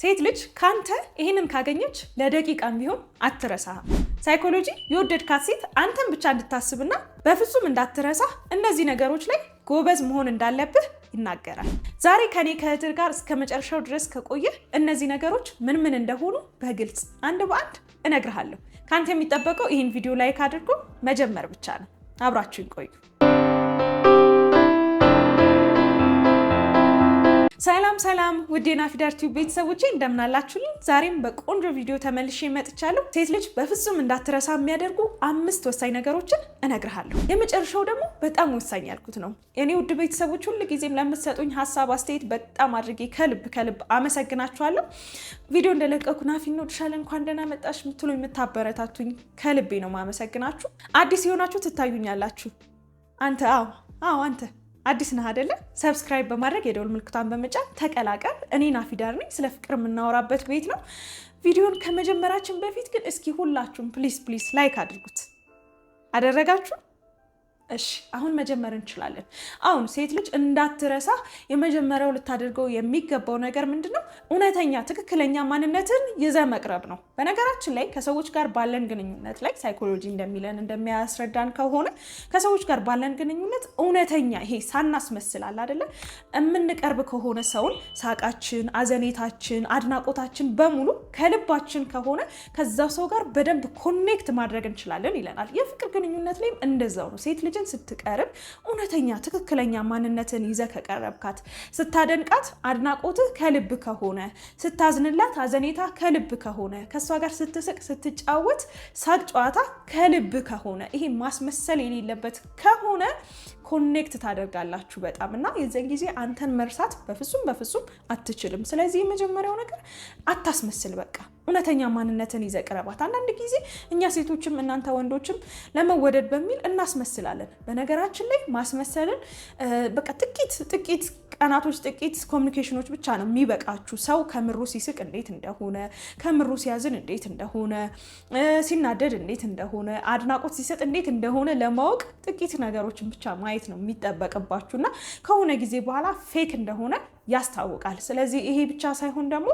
ሴት ልጅ ካንተ ይህንን ካገኘች ለደቂቃም ቢሆን አትረሳ ሳይኮሎጂ የወደድካት ሴት አንተን ብቻ እንድታስብና በፍጹም እንዳትረሳ እነዚህ ነገሮች ላይ ጎበዝ መሆን እንዳለብህ ይናገራል። ዛሬ ከኔ ከእህትህ ጋር እስከ መጨረሻው ድረስ ከቆየህ እነዚህ ነገሮች ምን ምን እንደሆኑ በግልጽ አንድ በአንድ እነግርሃለሁ። ከአንተ የሚጠበቀው ይህን ቪዲዮ ላይክ አድርጎ መጀመር ብቻ ነው። አብራችሁ ይቆዩ። ሰላም ሰላም ውዴና የናፊዳር ቲዩብ ቤተሰቦቼ እንደምናላችሁልኝ፣ ዛሬም በቆንጆ ቪዲዮ ተመልሼ መጥቻለሁ። ሴት ልጅ በፍጹም እንዳትረሳ የሚያደርጉ አምስት ወሳኝ ነገሮችን እነግርሃለሁ። የመጨረሻው ደግሞ በጣም ወሳኝ ያልኩት ነው። የኔ ውድ ቤተሰቦች ጊዜም ለምትሰጡኝ ሀሳብ፣ አስተያየት በጣም አድርጌ ከልብ ከልብ አመሰግናችኋለሁ። ቪዲዮ እንደለቀኩ ናፊ እንወድሻለን፣ እንኳን ደህና መጣሽ የምትሉ የምታበረታቱኝ ከልቤ ነው ማመሰግናችሁ። አዲስ የሆናችሁ ትታዩኛላችሁ። አንተ አዎ፣ አዎ አንተ አዲስ ነህ አደለ? ሰብስክራይብ በማድረግ የደውል ምልክቷን በመጫን ተቀላቀል። እኔ ናፊዳር ነኝ። ስለ ፍቅር የምናወራበት ቤት ነው። ቪዲዮን ከመጀመራችን በፊት ግን እስኪ ሁላችሁም ፕሊስ ፕሊስ ላይክ አድርጉት። አደረጋችሁ? እሺ አሁን መጀመር እንችላለን። አሁን ሴት ልጅ እንዳትረሳ የመጀመሪያው ልታደርገው የሚገባው ነገር ምንድን ነው? እውነተኛ ትክክለኛ ማንነትን ይዘ መቅረብ ነው። በነገራችን ላይ ከሰዎች ጋር ባለን ግንኙነት ላይ ሳይኮሎጂ እንደሚለን እንደሚያስረዳን ከሆነ ከሰዎች ጋር ባለን ግንኙነት እውነተኛ ይሄ ሳናስመስላል አይደለ የምንቀርብ ከሆነ ሰውን ሳቃችን፣ አዘኔታችን፣ አድናቆታችን በሙሉ ከልባችን ከሆነ ከዛ ሰው ጋር በደንብ ኮኔክት ማድረግ እንችላለን ይለናል። የፍቅር ግንኙነት ላይም እንደዛው ነው ሴት ልጅ ልጅን ስትቀርብ እውነተኛ ትክክለኛ ማንነትን ይዘ ከቀረብካት፣ ስታደንቃት አድናቆትህ ከልብ ከሆነ፣ ስታዝንላት አዘኔታ ከልብ ከሆነ፣ ከእሷ ጋር ስትስቅ ስትጫወት ሳቅ ጨዋታ ከልብ ከሆነ፣ ይሄ ማስመሰል የሌለበት ከሆነ ኮኔክት ታደርጋላችሁ በጣም እና የዚያን ጊዜ አንተን መርሳት በፍጹም በፍጹም አትችልም። ስለዚህ የመጀመሪያው ነገር አታስመስል፣ በቃ እውነተኛ ማንነትን ይዘቅረባት። አንዳንድ ጊዜ እኛ ሴቶችም እናንተ ወንዶችም ለመወደድ በሚል እናስመስላለን። በነገራችን ላይ ማስመሰልን በቃ ጥቂት ጥቂት ቀናቶች ጥቂት ኮሚኒኬሽኖች ብቻ ነው የሚበቃችሁ። ሰው ከምሩ ሲስቅ እንዴት እንደሆነ፣ ከምሩ ሲያዝን እንዴት እንደሆነ፣ ሲናደድ እንዴት እንደሆነ፣ አድናቆት ሲሰጥ እንዴት እንደሆነ ለማወቅ ጥቂት ነገሮችን ብቻ ማየት ማየት ነው የሚጠበቅባችሁ እና ከሆነ ጊዜ በኋላ ፌክ እንደሆነ ያስታውቃል። ስለዚህ ይሄ ብቻ ሳይሆን ደግሞ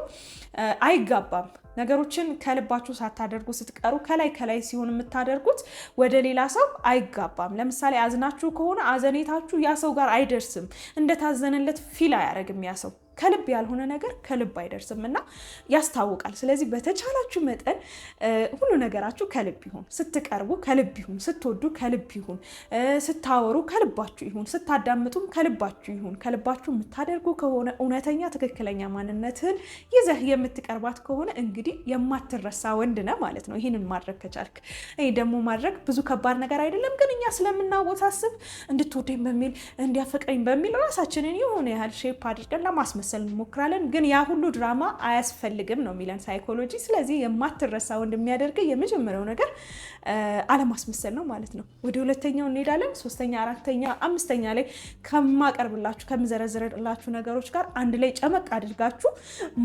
አይጋባም። ነገሮችን ከልባችሁ ሳታደርጉ ስትቀሩ ከላይ ከላይ ሲሆን የምታደርጉት ወደ ሌላ ሰው አይጋባም። ለምሳሌ አዝናችሁ ከሆነ አዘኔታችሁ ያ ሰው ጋር አይደርስም። እንደታዘነለት ፊል አያደርግም ያ ሰው ከልብ ያልሆነ ነገር ከልብ አይደርስም እና ያስታውቃል። ስለዚህ በተቻላችሁ መጠን ሁሉ ነገራችሁ ከልብ ይሁን፣ ስትቀርቡ ከልብ ይሁን፣ ስትወዱ ከልብ ይሁን፣ ስታወሩ ከልባችሁ ይሁን፣ ስታዳምጡም ከልባችሁ ይሁን። ከልባችሁ የምታደርጉ ከሆነ እውነተኛ ትክክለኛ ማንነትህን ይዘህ የምትቀርባት ከሆነ እንግዲህ የማትረሳ ወንድ ነህ ማለት ነው። ይህንን ማድረግ ከቻልክ ይህ ደግሞ ማድረግ ብዙ ከባድ ነገር አይደለም፣ ግን እኛ ስለምናውቀው እንድትወደኝ በሚል እንዲያፈቅረኝ በሚል ራሳችንን የሆነ ያህል ሼፕ አድርገን ለማስመሰል ለማስመሰል እንሞክራለን፣ ግን ያ ሁሉ ድራማ አያስፈልግም ነው የሚለን ሳይኮሎጂ። ስለዚህ የማትረሳው እንደሚያደርግ የመጀመሪያው ነገር አለማስመሰል ነው ማለት ነው። ወደ ሁለተኛው እንሄዳለን። ሶስተኛ፣ አራተኛ፣ አምስተኛ ላይ ከማቀርብላችሁ ከምዘረዝርላችሁ ነገሮች ጋር አንድ ላይ ጨመቅ አድርጋችሁ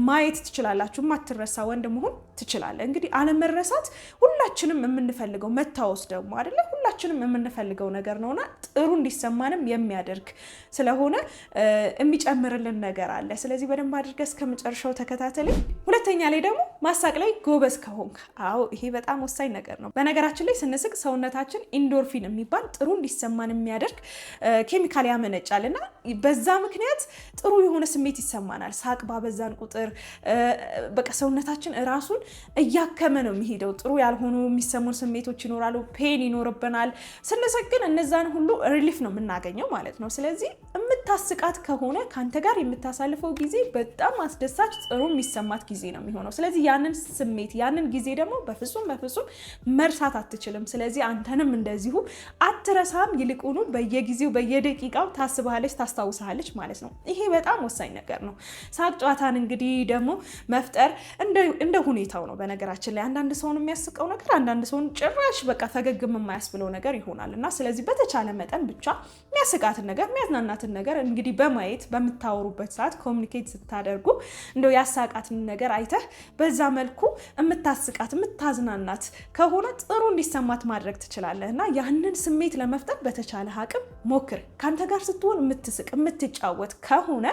ማየት ትችላላችሁ። የማትረሳ ወንድ መሆን ትችላለ። እንግዲህ አለመረሳት ሁላችንም የምንፈልገው መታወስ ደግሞ አይደለም ሁላችንም የምንፈልገው ነገር ነውና ጥሩ እንዲሰማንም የሚያደርግ ስለሆነ የሚጨምርልን ነገር አለ። ስለዚህ በደንብ አድርገ እስከ መጨረሻው ተከታተልኝ። ሁለተኛ ላይ ደግሞ ማሳቅ ላይ ጎበዝ ከሆንክ፣ አዎ ይሄ በጣም ወሳኝ ነገር ነው። በነገራችን ላይ ስንስቅ ሰውነታችን ኢንዶርፊን የሚባል ጥሩ እንዲሰማን የሚያደርግ ኬሚካል ያመነጫል እና በዛ ምክንያት ጥሩ የሆነ ስሜት ይሰማናል። ሳቅ ባበዛን ቁጥር በቃ ሰውነታችን ራሱን እያከመ ነው የሚሄደው። ጥሩ ያልሆኑ የሚሰሙን ስሜቶች ይኖራሉ። ፔን ይኖርብናል ይሆናል። ስንስቅ ግን እነዛን ሁሉ ሪሊፍ ነው የምናገኘው ማለት ነው። ስለዚህ የምታስቃት ከሆነ ከአንተ ጋር የምታሳልፈው ጊዜ በጣም አስደሳች፣ ጥሩ የሚሰማት ጊዜ ነው የሚሆነው። ስለዚህ ያንን ስሜት ያንን ጊዜ ደግሞ በፍጹም በፍጹም መርሳት አትችልም። ስለዚህ አንተንም እንደዚሁ አትረሳም፣ ይልቁኑ በየጊዜው በየደቂቃው ታስብሃለች፣ ታስታውሳለች ማለት ነው። ይሄ በጣም ወሳኝ ነገር ነው። ሳቅ ጨዋታን እንግዲህ ደግሞ መፍጠር እንደ ሁኔታው ነው። በነገራችን ላይ አንዳንድ ሰውን የሚያስቀው ነገር አንዳንድ ሰውን ጭራሽ በቃ ፈገግም የማያስብለው የሚለው ነገር ይሆናል እና ስለዚህ በተቻለ መጠን ብቻ የሚያስቃትን ነገር የሚያዝናናትን ነገር እንግዲህ በማየት በምታወሩበት ሰዓት ኮሚኒኬት ስታደርጉ እንደው ያሳቃትን ነገር አይተህ በዛ መልኩ የምታስቃት የምታዝናናት ከሆነ ጥሩ እንዲሰማት ማድረግ ትችላለህ እና ያንን ስሜት ለመፍጠር በተቻለ አቅም ሞክር። ከአንተ ጋር ስትሆን የምትስቅ የምትጫወት ከሆነ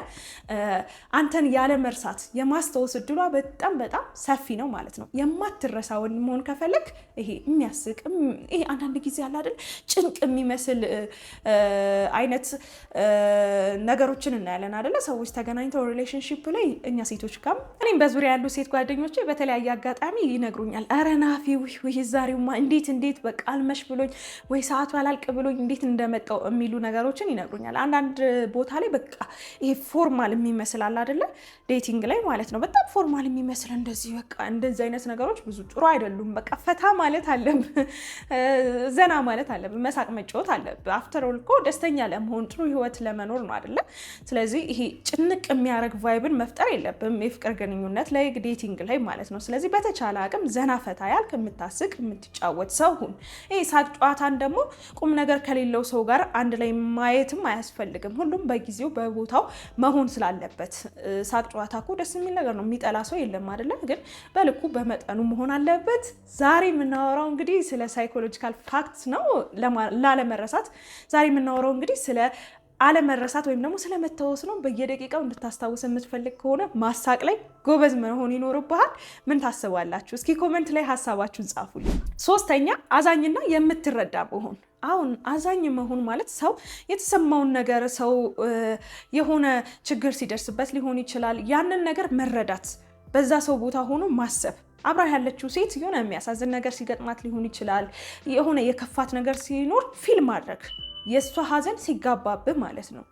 አንተን ያለ መርሳት የማስታወስ እድሏ በጣም በጣም ሰፊ ነው ማለት ነው። የማትረሳ ወንድ መሆን ከፈለግ ይሄ የሚያስቅ ይሄ አንዳንድ ጊዜ አለ አይደል ጭንቅ የሚመስል አይነት ነገሮችን እናያለን አይደለ ሰዎች ተገናኝተው ሪሌሽንሽፕ ላይ እኛ ሴቶች ጋር እኔም በዙሪያ ያሉ ሴት ጓደኞቼ በተለያየ አጋጣሚ ይነግሩኛል። ኧረ ናፊ ውይ ዛሬውማ እንዴት እንዴት በቃ አልመሽ ብሎኝ ወይ ሰዓቱ አላልቅ ብሎኝ እንዴት እንደመጣው የሚሉ ነገሮችን ይነግሩኛል። አንዳንድ ቦታ ላይ በቃ ይሄ ፎርማል የሚመስል አለ አይደለ ዴቲንግ ላይ ማለት ነው። በጣም ፎርማል የሚመስል እንደዚህ በቃ እንደዚህ አይነት ነገሮች ብዙ ጥሩ አይደሉም። በቃ ፈታ ማለት አለም ዘና ቀና ማለት አለብን፣ መሳቅ መጫወት አለብን። አፍተር ኦል እኮ ደስተኛ ለመሆን ጥሩ ህይወት ለመኖር ነው አይደለ? ስለዚህ ይሄ ጭንቅ የሚያደርግ ቫይብን መፍጠር የለብም የፍቅር ግንኙነት ላይ ዴቲንግ ላይ ማለት ነው። ስለዚህ በተቻለ አቅም ዘና ፈታ ያልክ የምታስቅ የምትጫወት ሰው ሁን። ይሄ ሳቅ ጨዋታን ደግሞ ቁም ነገር ከሌለው ሰው ጋር አንድ ላይ ማየትም አያስፈልግም። ሁሉም በጊዜው በቦታው መሆን ስላለበት ሳቅ ጨዋታ እኮ ደስ የሚል ነገር ነው። የሚጠላ ሰው የለም አይደለም። ግን በልኩ በመጠኑ መሆን አለበት። ዛሬ የምናወራው እንግዲህ ስለ ሳይኮሎጂካል ፋክት መርሳት ነው ላለመረሳት ዛሬ የምናወራው እንግዲህ ስለ አለመረሳት ወይም ደግሞ ስለመታወስ ነው። በየደቂቃው እንድታስታውስ የምትፈልግ ከሆነ ማሳቅ ላይ ጎበዝ መሆን ይኖርብሃል። ምን ታስባላችሁ? እስኪ ኮመንት ላይ ሀሳባችሁን ጻፉልኝ። ሶስተኛ አዛኝና የምትረዳ መሆን አሁን አዛኝ መሆን ማለት ሰው የተሰማውን ነገር ሰው የሆነ ችግር ሲደርስበት ሊሆን ይችላል ያንን ነገር መረዳት በዛ ሰው ቦታ ሆኖ ማሰብ አብራ ያለችው ሴት የሆነ የሚያሳዝን ነገር ሲገጥማት ሊሆን ይችላል። የሆነ የከፋት ነገር ሲኖር ፊል ማድረግ የእሷ ሀዘን ሲጋባብህ ማለት ነው።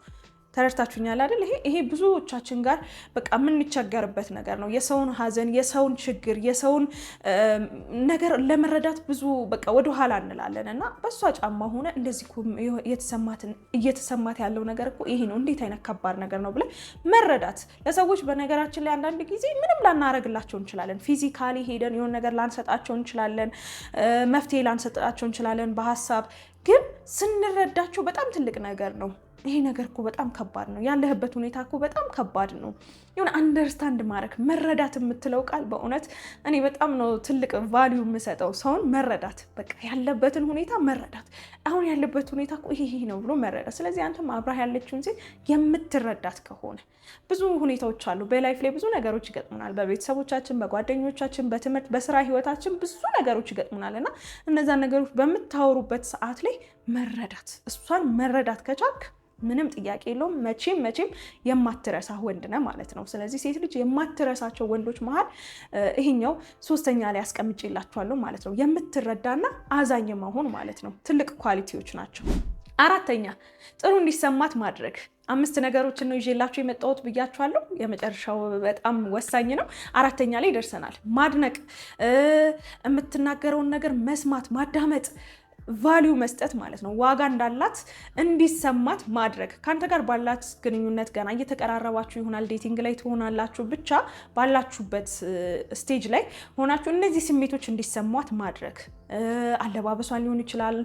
ተረድታችሁኛል አይደል? ይሄ ይሄ ብዙዎቻችን ጋር በቃ የምንቸገርበት ነገር ነው። የሰውን ሀዘን፣ የሰውን ችግር፣ የሰውን ነገር ለመረዳት ብዙ በቃ ወደኋላ እንላለን እና በእሷ ጫማ ሆነ እንደዚህ እየተሰማት ያለው ነገር እኮ ይሄ ነው፣ እንዴት አይነት ከባድ ነገር ነው ብለን መረዳት ለሰዎች በነገራችን ላይ አንዳንድ ጊዜ ምንም ላናረግላቸው እንችላለን። ፊዚካሊ ሄደን የሆን ነገር ላንሰጣቸው እንችላለን። መፍትሄ ላንሰጣቸው እንችላለን በሀሳብ ግን ስንረዳቸው በጣም ትልቅ ነገር ነው። ይሄ ነገር እኮ በጣም ከባድ ነው፣ ያለህበት ሁኔታ እኮ በጣም ከባድ ነው። የሆነ አንደርስታንድ ማድረግ መረዳት የምትለው ቃል በእውነት እኔ በጣም ነው ትልቅ ቫሊዩ የምሰጠው። ሰውን መረዳት፣ በቃ ያለበትን ሁኔታ መረዳት። አሁን ያለበት ሁኔታ እኮ ይሄ ነው ብሎ መረዳት። ስለዚህ አንተም አብራህ ያለችውን ሴት የምትረዳት ከሆነ ብዙ ሁኔታዎች አሉ በላይፍ ላይ ብዙ ነገሮች ይገጥሙናል። በቤተሰቦቻችን፣ በጓደኞቻችን፣ በትምህርት፣ በስራ ህይወታችን ብዙ ነገሮች ይገጥሙናል እና እነዛን ነገሮች በምታወሩበት ሰዓት ላይ ጊዜ መረዳት እሷን መረዳት ከቻልክ ምንም ጥያቄ የለውም። መቼም መቼም የማትረሳ ወንድ ነህ ማለት ነው። ስለዚህ ሴት ልጅ የማትረሳቸው ወንዶች መሀል ይሄኛው ሶስተኛ ላይ አስቀምጬላችኋለሁ ማለት ነው። የምትረዳና አዛኝ መሆን ማለት ነው። ትልቅ ኳሊቲዎች ናቸው። አራተኛ ጥሩ እንዲሰማት ማድረግ። አምስት ነገሮችን ነው ይዤላችሁ የመጣሁት ብያችኋለሁ። የመጨረሻው በጣም ወሳኝ ነው። አራተኛ ላይ ደርሰናል። ማድነቅ፣ የምትናገረውን ነገር መስማት፣ ማዳመጥ ቫሊዩ መስጠት ማለት ነው። ዋጋ እንዳላት እንዲሰማት ማድረግ። ከአንተ ጋር ባላት ግንኙነት ገና እየተቀራረባችሁ ይሆናል፣ ዴቲንግ ላይ ትሆናላችሁ፣ ብቻ ባላችሁበት ስቴጅ ላይ ሆናችሁ እነዚህ ስሜቶች እንዲሰማት ማድረግ። አለባበሷን ሊሆን ይችላል፣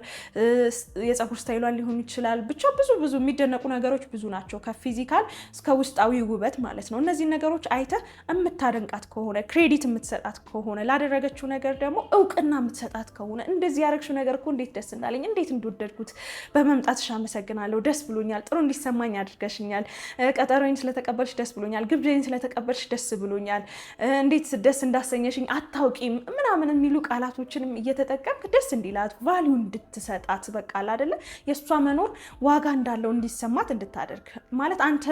የፀጉር ስታይሏን ሊሆን ይችላል። ብቻ ብዙ ብዙ የሚደነቁ ነገሮች ብዙ ናቸው፣ ከፊዚካል እስከ ውስጣዊ ውበት ማለት ነው። እነዚህ ነገሮች አይተህ የምታደንቃት ከሆነ ክሬዲት የምትሰጣት ከሆነ ላደረገችው ነገር ደግሞ እውቅና የምትሰጣት ከሆነ እንደዚህ ያደረግሽው ነገር እኮ እንዴት ደስ እንዳለኝ እንዴት እንደወደድኩት በመምጣትሽ አመሰግናለሁ። ደስ ብሎኛል። ጥሩ እንዲሰማኝ አድርገሽኛል። ቀጠሮዬን ስለተቀበልሽ ደስ ብሎኛል። ግብዣዬን ስለተቀበልሽ ደስ ብሎኛል። እንዴት ደስ እንዳሰኘሽኝ አታውቂም ምናምን የሚሉ ቃላቶችንም እየተጠቀምክ ደስ እንዲላት ቫሊዩ እንድትሰጣት በቃል አደለ የእሷ መኖር ዋጋ እንዳለው እንዲሰማት እንድታደርግ ማለት አንተ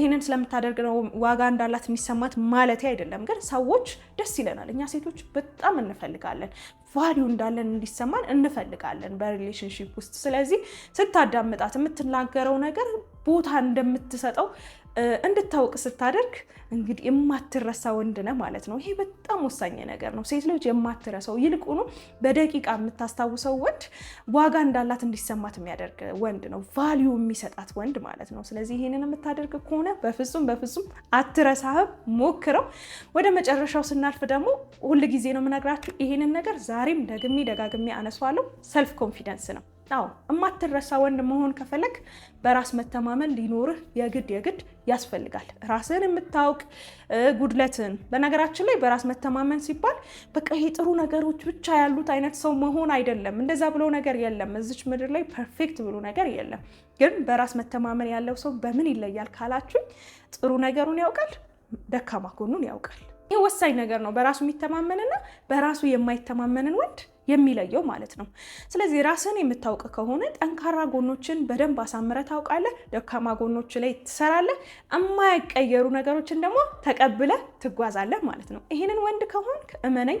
ይህንን ስለምታደርግ ነው ዋጋ እንዳላት የሚሰማት ማለት አይደለም። ግን ሰዎች ደስ ይለናል። እኛ ሴቶች በጣም እንፈልጋለን ቫሊዩ እንዳለን እንዲሰማን እንፈልጋለን በሪሌሽንሽፕ ውስጥ። ስለዚህ ስታዳምጣት የምትናገረው ነገር ቦታ እንደምትሰጠው እንድታውቅ ስታደርግ እንግዲህ የማትረሳ ወንድ ነህ ማለት ነው። ይሄ በጣም ወሳኝ ነገር ነው። ሴት ልጅ የማትረሳው ይልቁኑ በደቂቃ የምታስታውሰው ወንድ ዋጋ እንዳላት እንዲሰማት የሚያደርግ ወንድ ነው፣ ቫሊዩ የሚሰጣት ወንድ ማለት ነው። ስለዚህ ይህንን የምታደርግ ከሆነ በፍጹም በፍጹም አትረሳህም። ሞክረው። ወደ መጨረሻው ስናልፍ ደግሞ ሁል ጊዜ ነው የምነግራችሁ ይህንን ነገር ዛሬም ደግሜ ደጋግሜ አነሷለሁ። ሰልፍ ኮንፊደንስ ነው። አዎ እማትረሳ ወንድ መሆን ከፈለግ በራስ መተማመን ሊኖርህ የግድ የግድ ያስፈልጋል። ራስን የምታውቅ ጉድለትን። በነገራችን ላይ በራስ መተማመን ሲባል በቃ ይሄ ጥሩ ነገሮች ብቻ ያሉት አይነት ሰው መሆን አይደለም። እንደዛ ብሎ ነገር የለም። እዚች ምድር ላይ ፐርፌክት ብሎ ነገር የለም። ግን በራስ መተማመን ያለው ሰው በምን ይለያል ካላችሁኝ፣ ጥሩ ነገሩን ያውቃል፣ ደካማ ጎኑን ያውቃል። ይህ ወሳኝ ነገር ነው። በራሱ የሚተማመንና በራሱ የማይተማመንን ወንድ የሚለየው ማለት ነው። ስለዚህ ራስን የምታውቅ ከሆነ ጠንካራ ጎኖችን በደንብ አሳምረ ታውቃለህ፣ ደካማ ጎኖች ላይ ትሰራለህ፣ እማይቀየሩ ነገሮችን ደግሞ ተቀብለ ትጓዛለህ ማለት ነው። ይህንን ወንድ ከሆንክ እመነኝ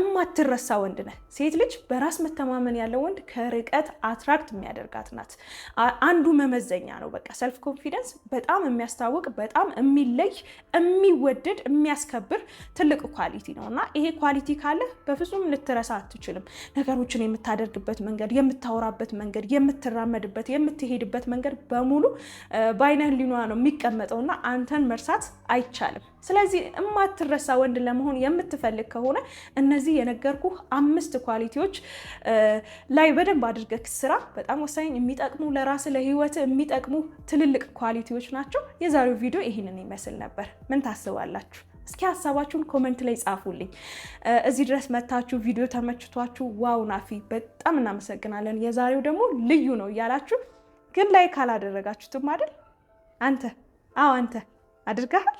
እማትረሳ ወንድ ነህ። ሴት ልጅ በራስ መተማመን ያለው ወንድ ከርቀት አትራክት የሚያደርጋት ናት። አንዱ መመዘኛ ነው። በቃ ሰልፍ ኮንፊደንስ በጣም የሚያስታውቅ በጣም የሚለይ የሚወደድ የሚያስከብር ትልቅ ኳሊቲ ነው እና ይሄ ኳሊቲ ካለ በፍጹም ልትረሳ አትችልም። አትችልም። ነገሮችን የምታደርግበት መንገድ፣ የምታወራበት መንገድ፣ የምትራመድበት፣ የምትሄድበት መንገድ በሙሉ በአይነ ህሊኗ ነው የሚቀመጠውና አንተን መርሳት አይቻልም። ስለዚህ እማትረሳ ወንድ ለመሆን የምትፈልግ ከሆነ እነዚህ የነገርኩ አምስት ኳሊቲዎች ላይ በደንብ አድርገህ ስራ። በጣም ወሳኝ የሚጠቅሙ ለራስ ለህይወት የሚጠቅሙ ትልልቅ ኳሊቲዎች ናቸው። የዛሬው ቪዲዮ ይህንን ይመስል ነበር። ምን ታስባላችሁ? እስኪ ሀሳባችሁን ኮመንት ላይ ጻፉልኝ። እዚህ ድረስ መታችሁ ቪዲዮ ተመችቷችሁ፣ ዋው ናፊ በጣም እናመሰግናለን፣ የዛሬው ደግሞ ልዩ ነው እያላችሁ ግን ላይ ካላደረጋችሁትም አይደል? አንተ አዎ፣ አንተ አድርገሃል።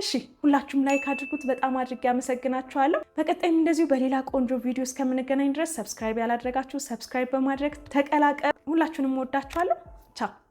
እሺ ሁላችሁም ላይክ አድርጉት። በጣም አድርጌ አመሰግናችኋለሁ። በቀጣይም እንደዚሁ በሌላ ቆንጆ ቪዲዮ እስከምንገናኝ ድረስ ሰብስክራይብ ያላደረጋችሁ ሰብስክራይብ በማድረግ ተቀላቀሉ። ሁላችሁንም ወዳችኋለሁ። ቻው